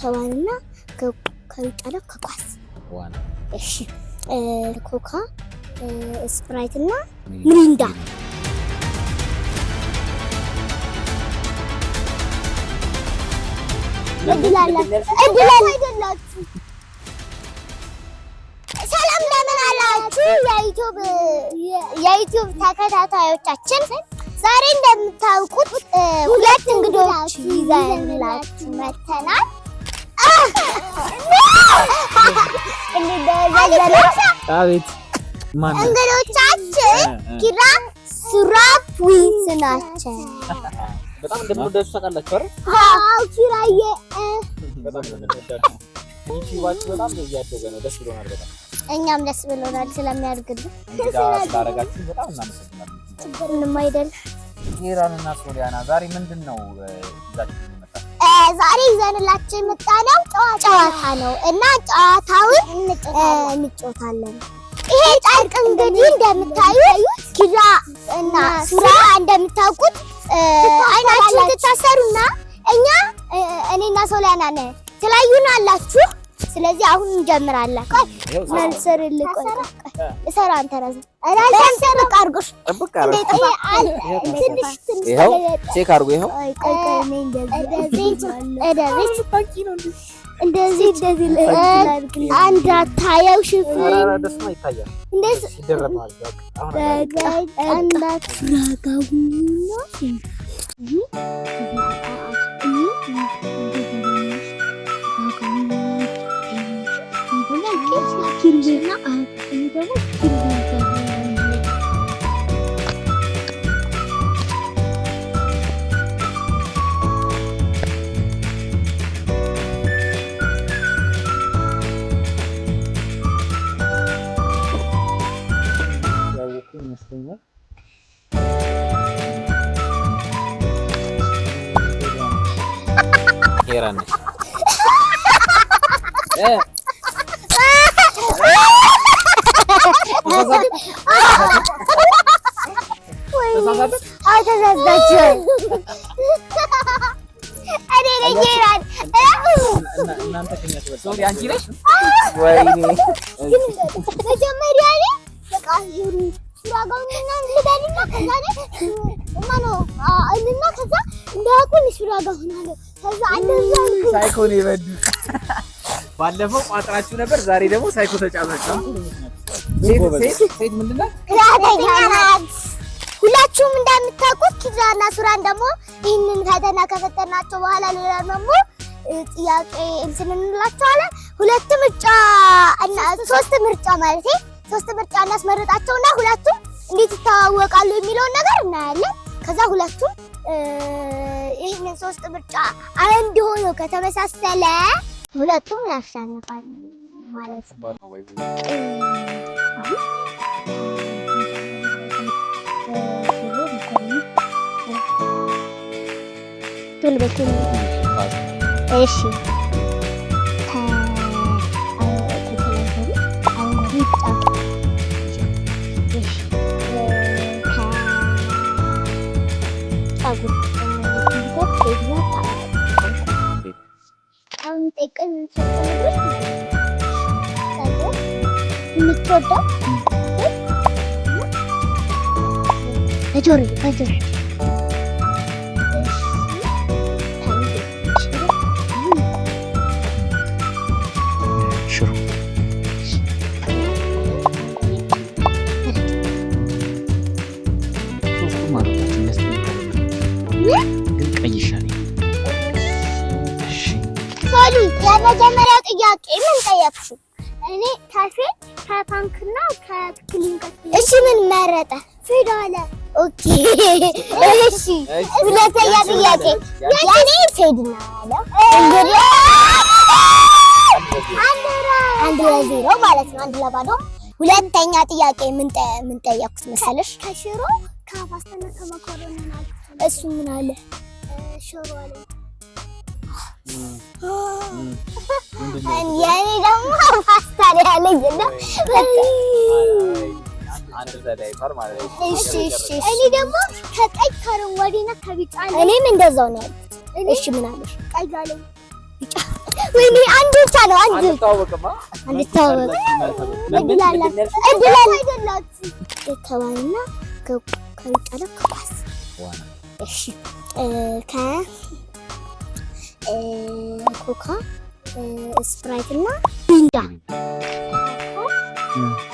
ከዋንና ከሚጣለው ከኳስ ዋና፣ ኮካ፣ ስፕራይት እና ምሪንዳ ሰላም ለምን አላችሁ የዩቲዩብ ተከታታዮቻችን፣ ዛሬ እንደምታውቁት ሁለት እንግዶች ይዘንላችሁ መተናል። አቤት እንግዶቻችን ኪራ ሱራዊት ናቸው። በጣም እንደምንወዳችሁ ታውቃላችሁ አይደል? ኪራዬ በጣም እያደገ ነው። ደስ ብሎናል በጣም እኛም ደስ ብሎናል ስለሚያድግልን ኪራን እና ሶሊያና ዛሬ ምንድን ነው ይዛችሁ ዛሬ ይዘንላችሁ የመጣነው ጨዋታ ነው እና ጨዋታውን እንጫወታለን። ይሄ ጨርቅ እንግዲህ እንደምታዩት ኪራ እና ሱራ እንደምታውቁት አይናችሁ ትታሰሩና እኛ እኔና ሶሊያና ነን ትላዩና አላችሁ ስለዚህ አሁን እንጀምራለን። ቆይ መልሰር ልቆይ እሰራ አንተ ራስህ አላለም። ጥብቅ አድርጎሽ ጥብቅ አድርጎሽ ትንሽ ትንሽ ቼክ አድርጎ ይኸው እንደዚህ እንደዚህ አንድ አታየው ሽፍን እንደዚህ አንድ öğrendik. Evet. Arkadaşlar kaçın. Hadi hadi giren. So, yang kiri? Wah ini. Macam Mariani. Kahiyuri. Suragamından benim ne kadar? Umano, annem ne kadar? Daha konu suragamından. ሳይኮ ነው ባለፈው ቋጥራችሁ ነበር፣ ዛሬ ደግሞ ሳይኮ ተጫመጣችሁ። ሁላችሁም እንደምታውቁት ኪራና ሱራን ደግሞ ይህንን ፈተና ከፈተናቸው በኋላ ሌላ ደግሞ ጥያቄ እንትን እንላቸዋለን። ሁለት ምርጫ ሶስት ምርጫ ማለት ሶስት ምርጫ እናስመርጣቸውና ሁለቱም እንዴት ይተዋወቃሉ የሚለውን ነገር እናያለን። ከዛ ሁለቱም ይህንን ሶስት ምርጫ አንድ ሆኖ ከተመሳሰለ ሁለቱም ያሸንፋል ማለት ነው። እሺ చూసుకోవద్దా చూడండి చూడండి መጀመሪያው ጥያቄ ምን ጠየቅሽው? እኔ ከፌ ከፓንክና ከክሊን እሺ፣ ምን መረጠ? ፌድ አለ። ኦኬ፣ እሺ፣ ሁለተኛ ጥያቄ ያኔ ፌድ ነው አለ። አንድ ለዜሮ ማለት ነው፣ አንድ ለባዶ። ሁለተኛ ጥያቄ ምን ምን ጠየኩት መሰለሽ? ከሽሮ ከፓስታና ከመኮረኒ እሱ ምን አለ? ሽሮ አለ። የኔ ደግሞ እኔ ደግሞ ከቀይ ከአረንጓዴና ከቢጫ እኔም እንደዛው ነው እሺ ምን አለሽ? ቀይ አለኝ ቢጫ ወይኔ አንድ ብቻ ነው። አንድ አንታወቅማ ከኮካ ስፕራይት እና ሚሪንዳ Yeah.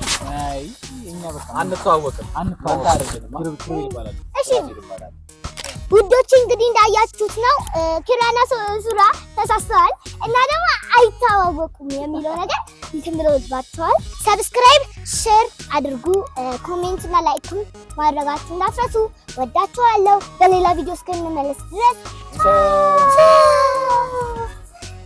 አይ ውዶች እንግዲህ እንዳያችሁት ነው ኪራና ሱራ ተሳስተዋል እና ደግሞ አይተዋወቁም የሚለው ነገር እንትን ብለውባቸዋል። ሰብስክራይብ፣ ሼር አድርጉ። ኮሜንት እና ላይክም ማድረጋችሁ እንዳትረሱ። ወዳችኋለሁ። በሌላ ቪዲዮ እስክንመለስ ድረስ